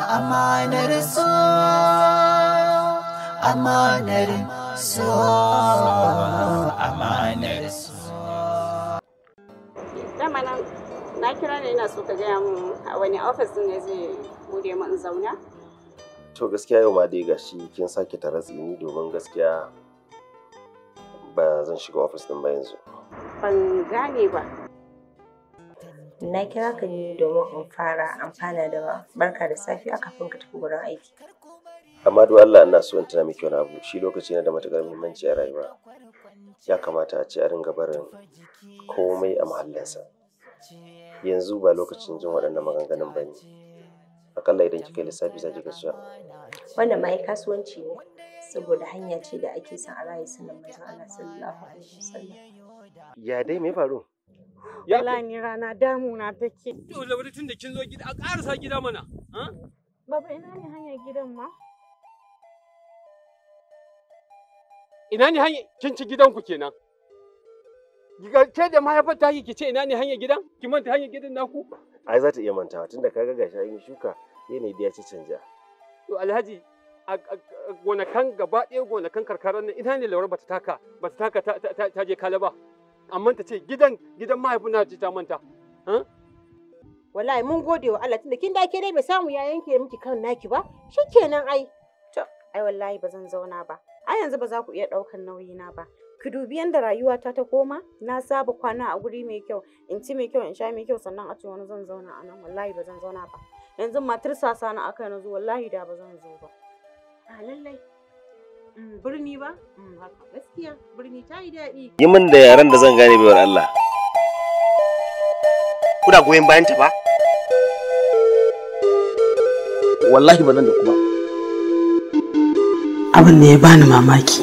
Amanar so, amanar so, amanar so. na na kira ne ina so ka gaya mun a wani ofis ne zai bude mun zauna? To gaskiya yau ma dai gashi kin sake tara tsini domin gaskiya ba zan shiga ofis din ba yanzu. Ban gane ba. Na kira ka ne domin in fara amfana da barka da safiya kafin ka tafi gurin aiki. Amma duk Allah ina so in tana miki wani abu shi lokaci da matuƙar muhimmanci a rayuwa. Ya kamata a ce a ringa barin komai a mahallinsa. Yanzu ba lokacin jin waɗannan maganganun ba ne. Akalla idan kika yi lissafi za ki ga cewa. Wannan ma kasuwanci ne saboda hanya ce da ake son a rayu sunan manzon Allah sallallahu alaihi wasallam. Ya dai me faru? Wala ni rana damuna take. To Lauri tun da kin zo gida a ƙarasa gida mana. Baba ina ne hanya gidan ma? Ina ne hanya kin ci gidan ku kenan? Gigarce da mahaifar ta ki ce ina ne hanya gidan? Ki manta hanya gidan naku? Ai za ta iya mantawa tunda kaga gashi an yi shuka yanayi da ya ci canja. To Alhaji a gonakan gaba ɗaya gonakan karkarar nan ina ne lawar bata taka bata taka ta je kala ba. amma ta ce gidan gidan mahaifin na ce ta manta wallahi mun gode wa Allah tunda kin da ke dai bai samu ya yanke miki kan naki ba shikenan ai to ai wallahi ba zan zauna ba ai yanzu ba za ku iya daukan nauyi na ba ki dubi yanda rayuwata ta koma na saba kwana a guri mai kyau in ci mai kyau in sha mai kyau sannan a ce wani zan zauna a nan wallahi ba zan zauna ba yanzu matar sasa na aka yanzu wallahi da ba zan zo ba a ah, lallai Mm, birni ba mm, haka gaskiya birni ta yi daɗi yi min da yaren da zan gane baiwar Allah kuna goyon bayan ta ba wallahi ba nan da kuma abin da ya bani mamaki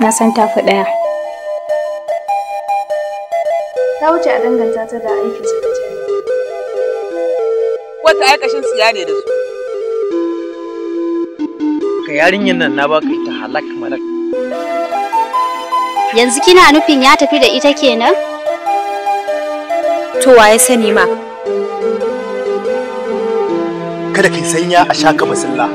na san tafi ɗaya ta wuce a danganta ta da aikin su wata aikashin siya ne da su Ka yarinyar nan na baka ita halak malak yanzu kina nufin ya tafi da ita kenan to waye sani ma kada ki sanya a shaka masalla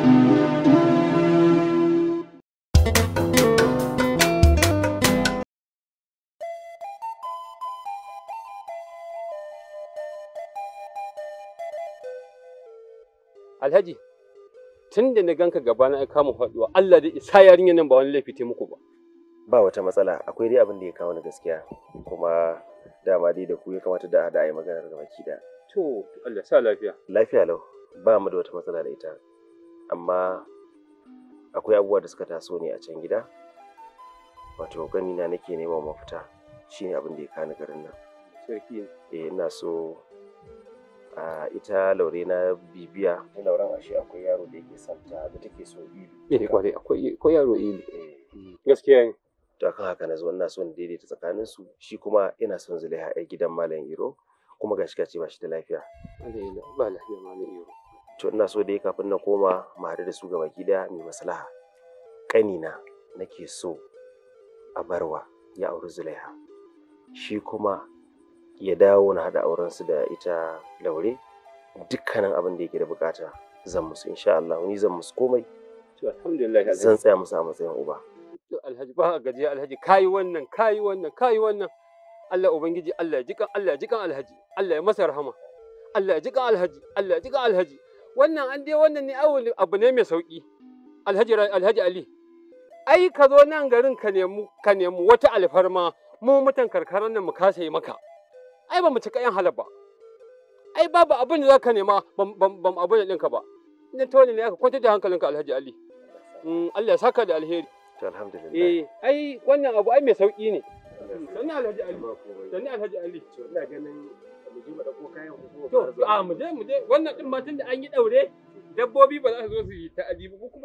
Alhaji, tun da na ganka gaba na kama faduwa Allah da isa yarinyar nan ba wani laifi ta muku ba ba wata matsala akwai dai abin da ya kawo ni gaskiya kuma dama dai da ku ya kamata da a yi maganar da baki da to Allah sa lafiya lafiya lau ba mu da wata matsala da ita amma akwai abubuwa da suka taso ne a can gida wato gani na nake neman mafita shine abin da ya kawo ni garin nan sarki eh ina so a ita laure na bibiya ni lauren ashe akwai yaro da yake santa da take so ilu eh kwarai akwai yaro eh, ilu gaskiya ne to akan haka na zo ina son daidaita tsakanin su shi kuma ina son zuleha ai gidan malam iro kuma gashi ka ce ba shi da lafiya ba lafiya malam iro to ina so dai kafin na koma mu da su gaba gida mai maslaha ƙanina nake so a barwa ya auri zuleha shi kuma ya dawo na haɗa auren su da ita laure dukkanin abin da yake da bukata zan musu insha Allah ni zan musu komai to alhamdulillah zan tsaya musu a matsayin uba to alhaji ba gaje alhaji kai wannan kai wannan kai wannan Allah ubangiji Allah ya jikan Allah ya jikan alhaji Allah ya masa rahama Allah ya jikan alhaji Allah ya jikan alhaji wannan an dai wannan ne abu ne mai sauki alhaji alhaji Ali ai ka zo nan garin ka nemi ka nemi wata alfarma mu mutan karkaran nan mu kasa yi maka ai ba mu cika yan halar ba ai babu abin da zaka nema ban abin da ɗinka ba idan ta wani ne aka kwantar da hankalinka alhaji ali mm, Allah ya saka da alheri to alhamdulillah eh ai wannan abu ai mai sauki ne sanni alhaji ali sanni alhaji ali to an yi daure dabbobi ba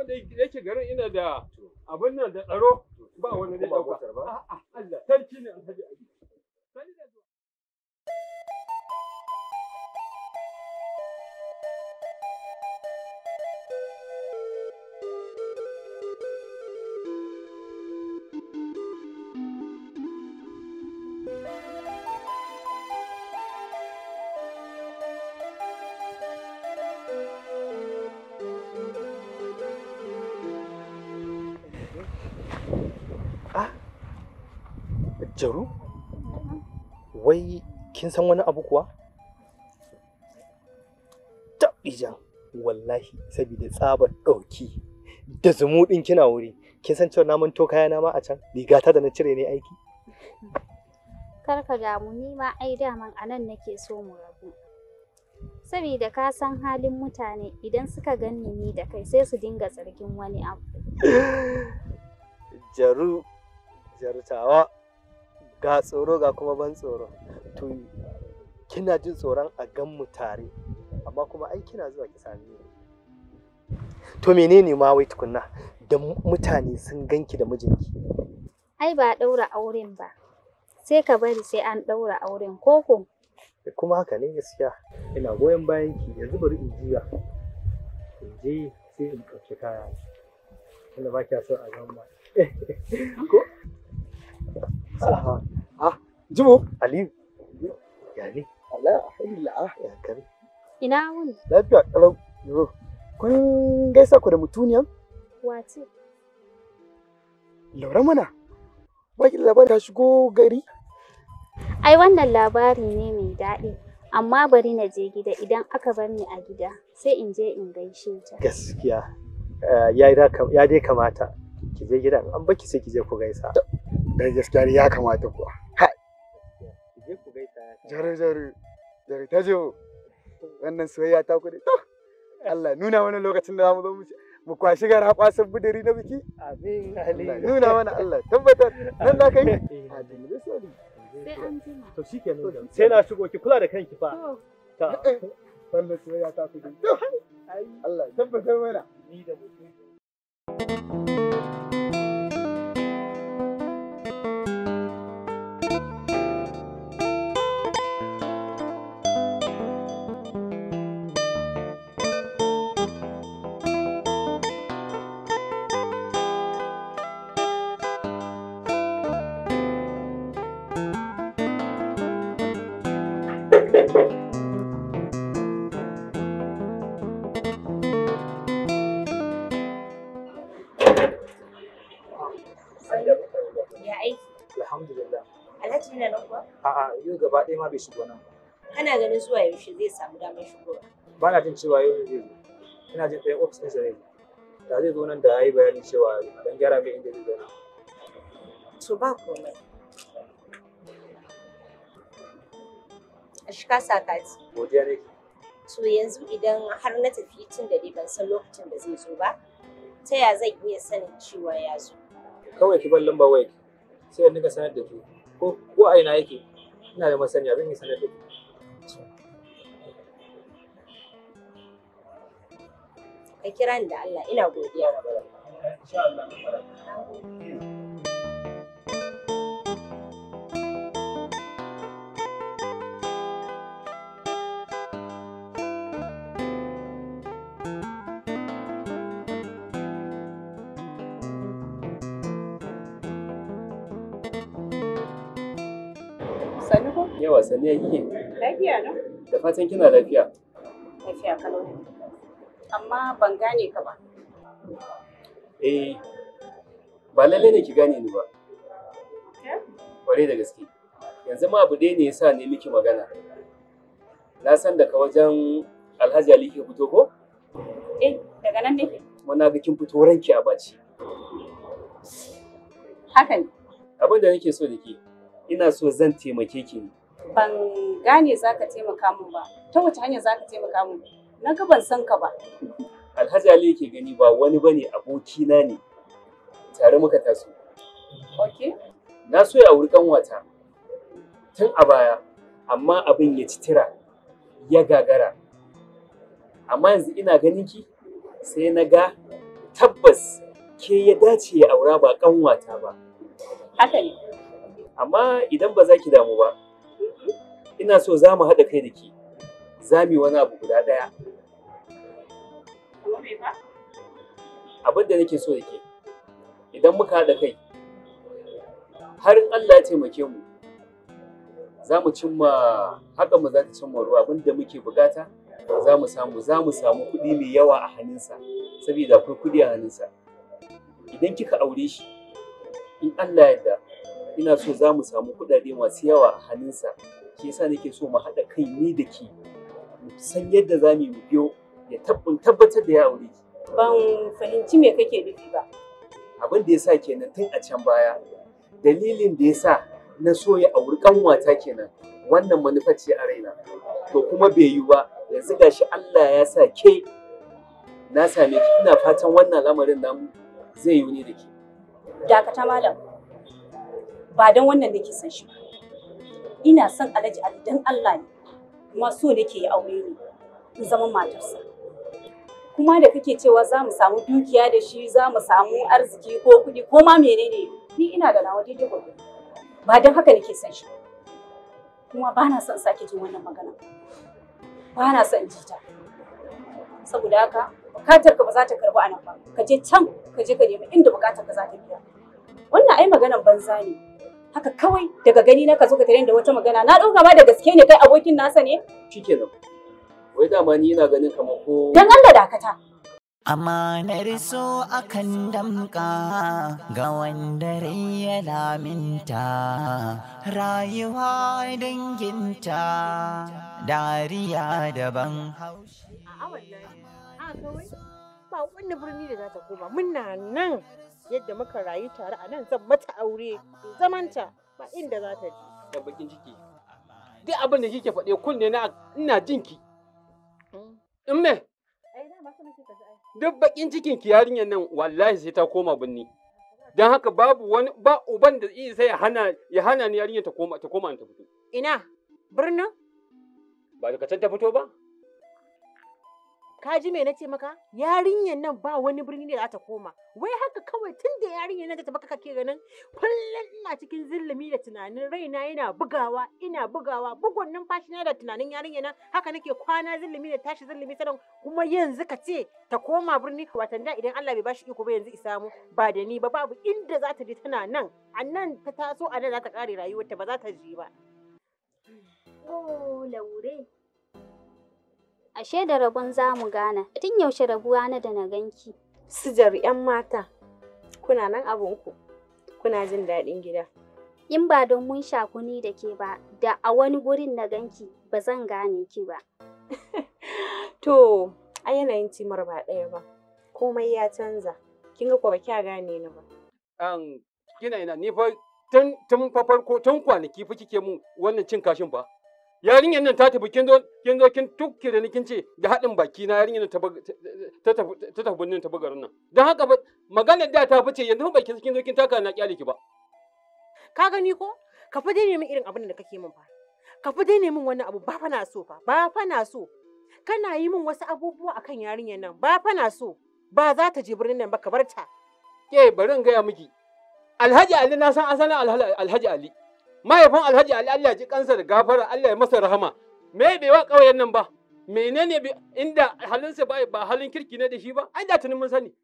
yi ina da abin a'a Allah sarki ne Jaru? Wai kin san wani abu kuwa? Tabijan wallahi saboda tsabar ɗauki da zumuɗin kina wuri. Kin san cewa na manto kayana ma a can rigata da na cire ne aiki? Kar ka damu ni ma ai daman a nan nake so mu rabu. Saboda ka san halin mutane idan suka ganni ni da kai sai su dinga tsarkin wani abu. Jaru, jarutawa. ga tsoro ga kuma ban tsoro to kina jin tsoron a gan mu tare amma kuma ai kina zuwa ki sami ni to menene ma wai tukunna da mutane sun ganki da mijinki ai ba daura auren ba sai ka bari sai an daura auren koko eh, kuma haka ne gaskiya ina goyon bayan ki yanzu bari in juya in je sai in ɗauki kaya ina ba kya so a gan ma ko Jibo? Aliyu. Ya ne? Allah Ina Lafiya kalau. Yo. Kun gaisa ku da mutuniyan? Wace? Laura mana. Ba ki labarin ta shigo gari? Ai wannan labari ne mai daɗi. Amma bari na je gida idan aka bar ni a gida sai in je in gaishe ta. Gaskiya. Eh, ya dai kamata ki je gidan an baki sai ki je ku gaisa. dan gaskiya ya kamata kuwa ha jare jare jare ta wannan soyayya ta ku to Allah nuna mana lokacin da zamu zo mu mu kwashi gara kwasan budiri na biki amin ali nuna mana Allah tabbatar nan da kai gaba ɗaya ma bai shigo nan ba kana ganin zuwa yaushe zai samu damar shigowa ba na jin cewa yau zai zo ina jin ɗaya ofis ɗin zai zo da zai zo nan da ayi bayanin cewa dan gyara mai inda zai nan. to ba komai a shiga sakati godiya ne to yanzu idan har na tafi tun da dai ban san lokacin da zai zo ba ta ya zan iya sanin cewa ya zo kawai ki bar lamba waya sai in ga sanar da ke ko ko a ina yake ina da masaniya zan yi sanar da ka kira ni da Allah ina godiya. Insha Allah. Sani ko? Yawa sani ya kike? Lafiya na. Da fatan kina lafiya. Lafiya kalau. Amma ban gane ka ba. Eh, ba lallai ne ki gane ni ba. Kware da gaske. Yanzu ma abu dai ne yasa ne miki magana. Na san daga wajen Alhaji Ali ke fito ko? Eh, daga nan nake. Wannan ga kin fito ranki a baci. Haka ne. Abin da nake so da ke, ina so zan taimake ki ne ban gane za taimaka min ba ta wace hanya za ka taimaka min na ga ban san ka ba alhaji ali yake gani ba wani bane abokina ne tare muka taso okay na so ya auri kanwata tun a baya amma abin ya ci tira ya gagara amma yanzu ina ganin ki sai na ga tabbas ke ya dace ya aura ba kanwata ba haka ne amma idan ba za ki damu ba ina so za mu haɗa kai da ki za mu yi wani abu guda ɗaya abin da nake so da ke idan muka haɗa kai har Allah ya taimake mu za mu cimma haka mu za ta cimma ruwa abin da muke bukata za mu samu za mu samu kuɗi mai yawa a hannunsa saboda akwai kuɗi a hannunsa idan kika aure shi in Allah ya yarda ina so za mu samu kudade masu yawa a hannunsa shi yasa nake so mu haɗa kai ni da ke mu san yadda za mu biyo ya tabbatar da ya aure ki. Ban fahimci me kake nufi ba. Abin da ya kenan tun a can baya dalilin da yasa sa na so ya auri ƙanwata kenan wannan manufa ce a raina to kuma bai yi ba yanzu gashi Allah ya sa ke na same ki ina fatan wannan lamarin namu zai yi ne da ke. Dakata malam ba don wannan nake son shi ina son alhaji ali don allah ne kuma so nake yi aure ne in zama matarsa kuma da kake cewa za mu samu dukiya da shi za mu samu arziki ko kuɗi ko ma menene ni ina da nawa daidai gobe ba don haka nake son shi kuma ba na son sake jin wannan magana ba na son ji ta saboda haka bukatar ka ba za ta karbu a nan ba ka je can ka je ka nemi inda bukatar ka za ta biya wannan ai maganar banza ne haka kawai daga gani na ka zo ka tare da wata magana na dauka ma da gaske ne kai abokin nasa ne shikenan wai dama ni ina ganin kamar ko dan Allah dakata Amanar so akan damka ga wanda rai ya laminta rayuwa danginta dariya daban haushi. A kawai ba wani birni da za ta koma muna nan yadda muka rayu tare a nan zan mata aure zamanta ba inda za ta je da bakin ciki duk abin da kike faɗe kunne na ina jin ki in me duk bakin cikin ki yarinyar nan wallahi sai ta koma binni don haka babu wani ba uban da zai sai ya hana ya hana ni yarinyar ta koma ta koma ta fito ina birnin ba da ta fito ba ka ji me nace maka yarinyar nan ba wani birni ne za ta koma wai haka kawai tun da yarinyar nan ta baka kake ganin kullum ina cikin zillumi da tunanin raina yana bugawa ina bugawa bugun numfashi na da tunanin yarinyar nan haka nake kwana zillumi da tashi zillumi sanan kuma yanzu ka ce ta koma birni watan da idan Allah bai bashi iko ba yanzu isa mu ba da ni ba babu inda za ta je tana nan a ta taso a nan za ta kare rayuwarta ba za ta je ba. Oh, laure. Ashe da rabon za mu gana, tun yaushe rabuwa na da na ganki. Sijar 'yan mata, kuna nan abinku, kuna jin daɗin gida. In ba don mun ni da ke ba, da a wani gurin na ganki ba zan gane ki ba. to, a yanayin timar ba ɗaya ba, komai ya canza, kin ga ba kya gane ni ba. an kina ina ni fa tun farko tun kwanaki fi kike mun wannan cin kashin ba. yarinyar nan ta tafi kin zo kin tukke da ni kin ce da haɗin baki na yarinyar nan ta ta tafi nan ta bugarin nan don haka maganar da ta fice yanzu baki kin zo kin taka na kyale ki ba ka gani ko ka fi dai min irin abin da kake min fa ka fi dai min wannan abu ba fa na so fa ba fa na so kana yi min wasu abubuwa akan yarinyar nan ba fa na so ba za ta je birnin nan ba ka bar ta ke bari in gaya miki Alhaji Ali na san asalin Alhaji Ali mahaifin alhaji ali Allah ji kansa da gafara Allah ya masa rahama me bai wa ƙauyen nan ba menene inda halinsa ba ba halin kirki ne da shi ba ai da tunin mun sani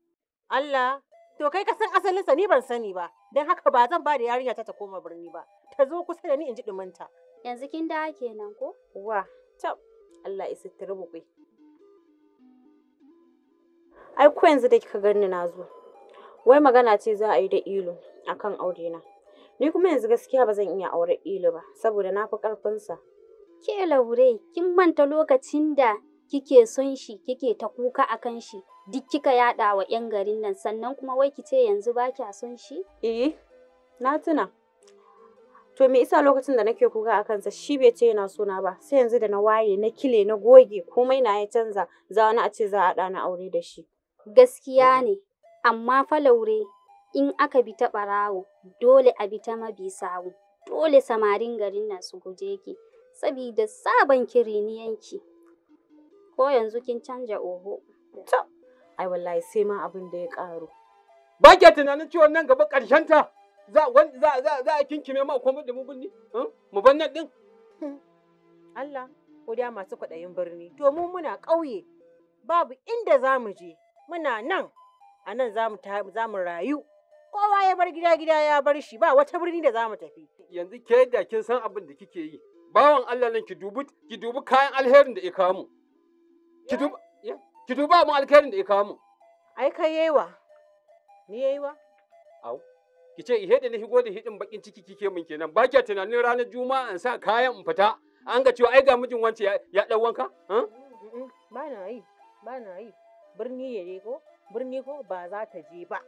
Allah to kai ka san asalinsa ni ban sani ba dan haka ba zan ba da yarinya ta ta koma birni ba ta zo kusa da ni in ji dumanta yanzu kin da kenan ko wa tab Allah ya sitira mu kai ai ku yanzu da kika ganni na zo wai magana ce za a yi da ilo akan aure na Ni kuma yanzu gaskiya ba zan iya aure ilo ba, saboda na fi ƙarfinsa. Ke laure, kin manta lokacin da kike son shi, kike ta kuka a kan shi, duk kika yaɗa wa 'yan garin nan, sannan kuma wai kice yanzu ba kya son shi? Eh, na tuna. To me isa lokacin da nake kuka a kansa shi bai ce yana sona ba sai yanzu da na waye na kile na goge komai na ya canza za wani a ce za a ɗana aure da shi. Gaskiya ne amma fa laure in aka bi ta ɓarawo dole a bi ta mabi sawu dole samarin garin nan su guje ki sabida sabon kiriniyanki ko yanzu kin canja oho to ai wallahi sai ma abin da ya karo. ba ke tunanin cewa nan gaba karshen ta za za za za a kinkime ma kuma da mugun ni hm? mu ban nan din hmm. Allah ko da masu kwaɗayin birni to mu muna ƙauye babu inda za mu je muna nan a nan za mu rayu kowa ya bar gida gida ya bar shi ba wata birni da za mu tafi yanzu ke da kin san abin da kike yi bawan Allah nan ki dubi ki dubi kayan alherin da ya kawo mu ki dubi ki duba mu alherin da ya kawo mu ai kai yaiwa ni yaiwa au ki ce ihe da ni higo da hidin bakin ciki kike min kenan ba kya tunanin ranar juma'a an sa kayan in fita an ga cewa ai ga mijin wance ya dan wanka ba na yi ba na yi birni ya ko birni ko ba za ta je ba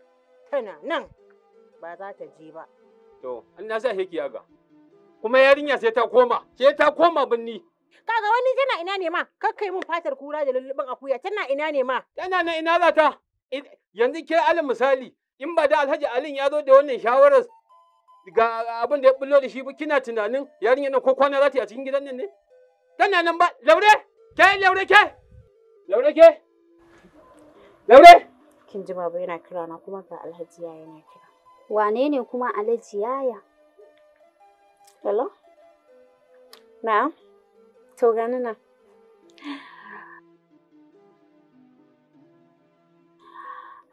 tana nan ba za ta je ba. To, an na sa heki yaga. Kuma yarinya sai ta koma, sai ta koma binni. Kaga wani tana ina ne ma, kakkai mun fatar kura da lullubin akuya, tana ina ne ma. Tana nan ina za ta. Yanzu kira alin misali, in ba da Alhaji Alin ya zo da wannan shawarar ga abin da ya bullo da shi kina tunanin yarinya nan ko kwana za ta a cikin gidan nan ne? Tana nan ba, laure, ke laure ke, laure ke, laure. kin jima ba yana kira na kuma ga alhaji yaya yana kira wane ne kuma alhaji yaya hello Na? to gani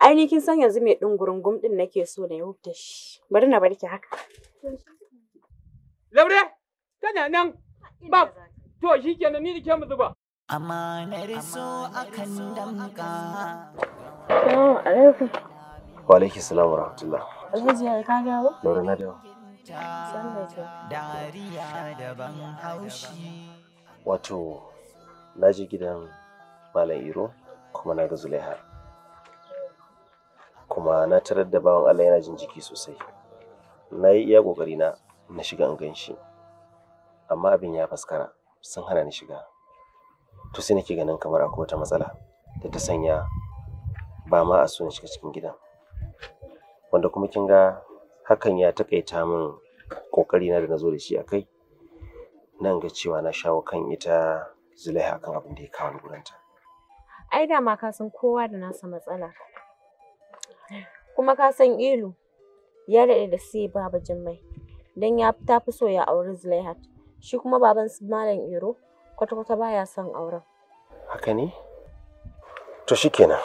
Ai ni kin san yanzu mai ɗungurungum ɗin nake so na yau da shi bari na barki haka laure tana nan ba to kenan ni da ke mu zuba amanar so akan damka Wa alaikum salam wa rahmatullah. na dawo. Dariya haushi. Wato na je gidan Malam Iro kuma na ga Zulaiha. Kuma na tarar da bawan Allah yana jin jiki sosai. Na yi iya ƙoƙari na na shiga in gan shi. Amma abin ya faskara sun hana ni shiga. To sai nake ganin kamar akwai wata matsala da ta sanya ba ma a so na shiga cikin gidan wanda kuma kin ga hakan ya takaita min kokari na da nazo da shi a kai nan ga cewa na shawo kan ita zulaiha kan abin da ya kawo gurinta ai dama ka san kowa da nasa matsala kuma ka san ilu ya daɗe da sai baba jimmai dan ya ta fi so ya auri zulaihat shi kuma baban su malam iro kwata-kwata baya son auren haka ne to shikenan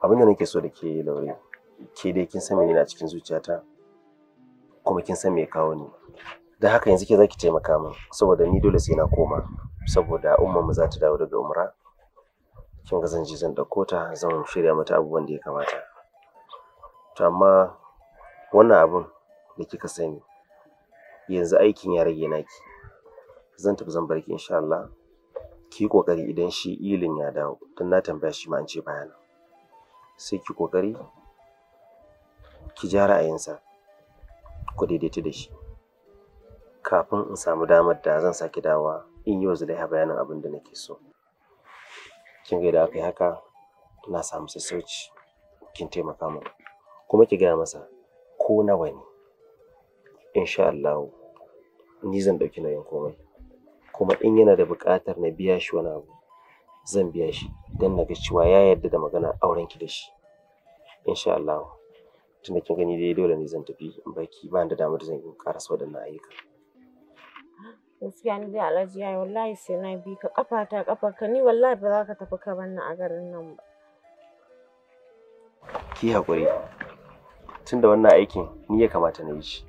abinda nake so da ke laure ke dai kin san ne a cikin zuciyata kuma kin san me ya kawo ni da haka yanzu ke zaki taimaka min saboda ni dole sai na koma saboda umman mu za ta dawo daga umra kin ga zan je zan dauko ta zan shirya mata abubuwan da ya kamata to amma wannan abun da kika sani yanzu aikin ya rage naki zan tafi zan barki insha Allah ki kokari idan shi ilin ya dawo dan na tambaya shi ma an ce bayana sai ki kokari ki ja ra'ayinsa ku daidaita da shi kafin in samu damar da zan saki dawa in yi wa zulaiha bayanin abin da nake so kin ga da aka yi haka na samu sassauci kin taimaka mu. kuma ki gaya masa ko nawa ne insha Allah ni zan ɗauki nauyin komai kuma in yana da buƙatar na biya shi wani abu zan biya shi dan na ga cewa ya yarda da maganar auren ki da shi insha Allah da kin gani dai dole ne zan tafi in baki ba da damar zan yi karasa waɗannan ayyuka gaskiya ni dai alhaji yayi wallahi sai na bi ka kafa ta kafa ka ni wallahi ba za ka tafi ka bar a garin nan ba ki hakuri tun da wannan aikin ni ya kamata na yi shi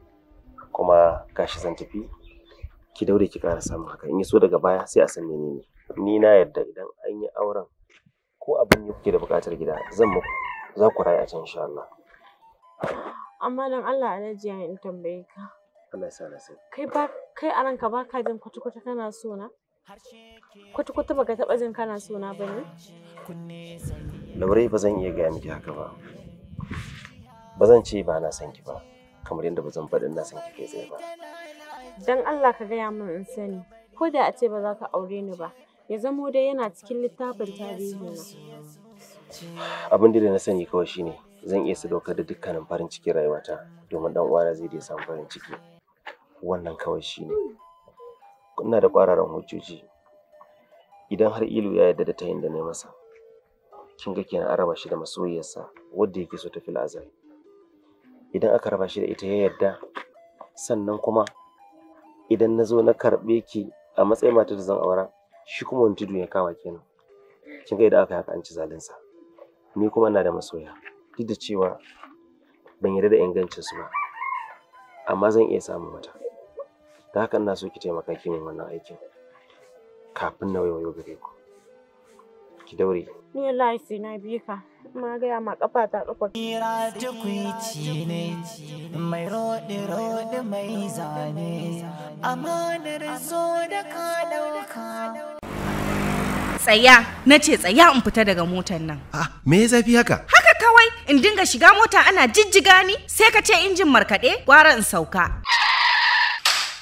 kuma gashi zan tafi ki daure ki ƙara samun haka in so daga baya sai a san menene ni na yarda idan an yi auren ko abin da kuke da buƙatar gida zan muku za ku raya a can insha Allah amma dan Allah alaji ya in tambaye ka Allah sa nasu kai ba kai a ranka ba ka jin kwata-kwata kana so na kwata-kwata baka taba jin kana so na ba ne Laure ba zan iya gaya miki haka ba ba zan ce ba na son ki ba kamar yadda ba zan faɗi na son ki kai tsaye ba dan Allah ka gaya min in sani ko da a ce ba za ka aure ni ba ya zamo dai yana cikin littafin tarihina. Abin da na sani kawai shine zan iya sadaukar da dukkanin farin cikin rayuwata domin dan uwana zai iya samu farin ciki. Wannan kawai shine. Ina da kwararan hujjoji. Idan har Ilu ya yarda da ta da ne masa, kin ga kenan an raba shi da masoyiyarsa wadda yake so ta fi azal. Idan aka raba shi da ita ya yarda, sannan kuma idan na zo na karɓe ki a matsayin matar da zan aura, shi kuma wani tudu ya kawa kenan kin ga idan aka haka an ci zalinsa ni kuma ina da masoya duk da cewa ban yarda da ingancin su ba amma zan iya samun wata ta haka ina so ki taimaka ki min wannan aikin kafin na wayo gare ku ki daure ni wallahi sai na biye ka ma gaya ma kafa ta kafa kira tukwici ne mai rode rode mai zane amanar zo da ka dauka tsaya na ce tsaya in fita daga motar nan ah me ya zafi haka haka kawai in dinga shiga mota ana jijjiga ni sai ka ce injin markaɗe gwara in sauka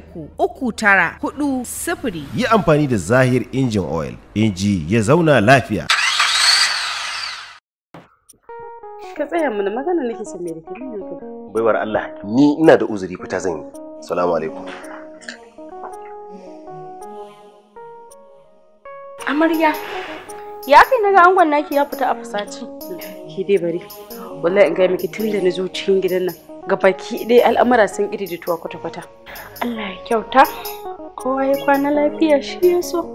uku uku tara hudu sifiri. Yi amfani da Zahir injin oil, inji ya zauna lafiya. Ka tsaya mana magana nake son mai rikirin yanzu. Baiwar Allah, ni ina da uzuri fita zan yi. Salamu alaikum. Amarya, ya kai na ga angon naki ya fita a fasaci. Ki dai bari. Wallahi in ga miki tun da na zo cikin gidan nan. Gabaki, baki ɗaya al'amura sun tuwa kwata-kwata Allah ya kyauta kowa ya kwana lafiya shi ya so